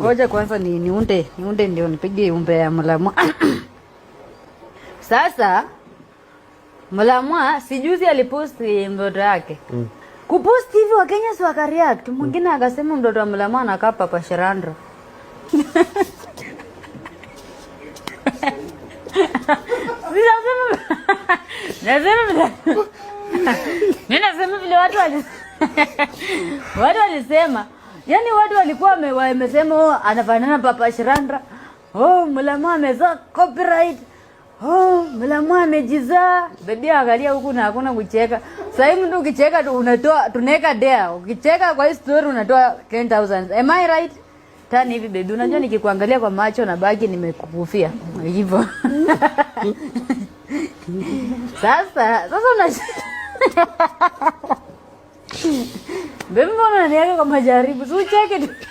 Ngoja kwanza ni niunde niunde ndio nipige umbe ya mlamwa. Sasa mlamwa sijuzi aliposti mtoto yake mm. Kuposti hivi Wakenya si waka mwingine mm. Akasema mtoto wa mlamwa anakaa Papa Shirandula nasema vile watu walisema Yaani watu walikuwa wamesema oh, anafanana Papa Shirandra. Oh, Mulamwa amezaa copyright. Oh, Mulamwa amejizaa. Bebi angalia huku na hakuna kucheka. Sasa hivi mtu ukicheka unatoa tunaweka dea Ukicheka kwa hii story unatoa 10000. Am I right? Tani hivi bebi, unajua nikikuangalia kwa macho na baki nimekufia. Hivyo. sasa, sasa una Mbona unaniaga kwa majaribu? Si ucheke tu.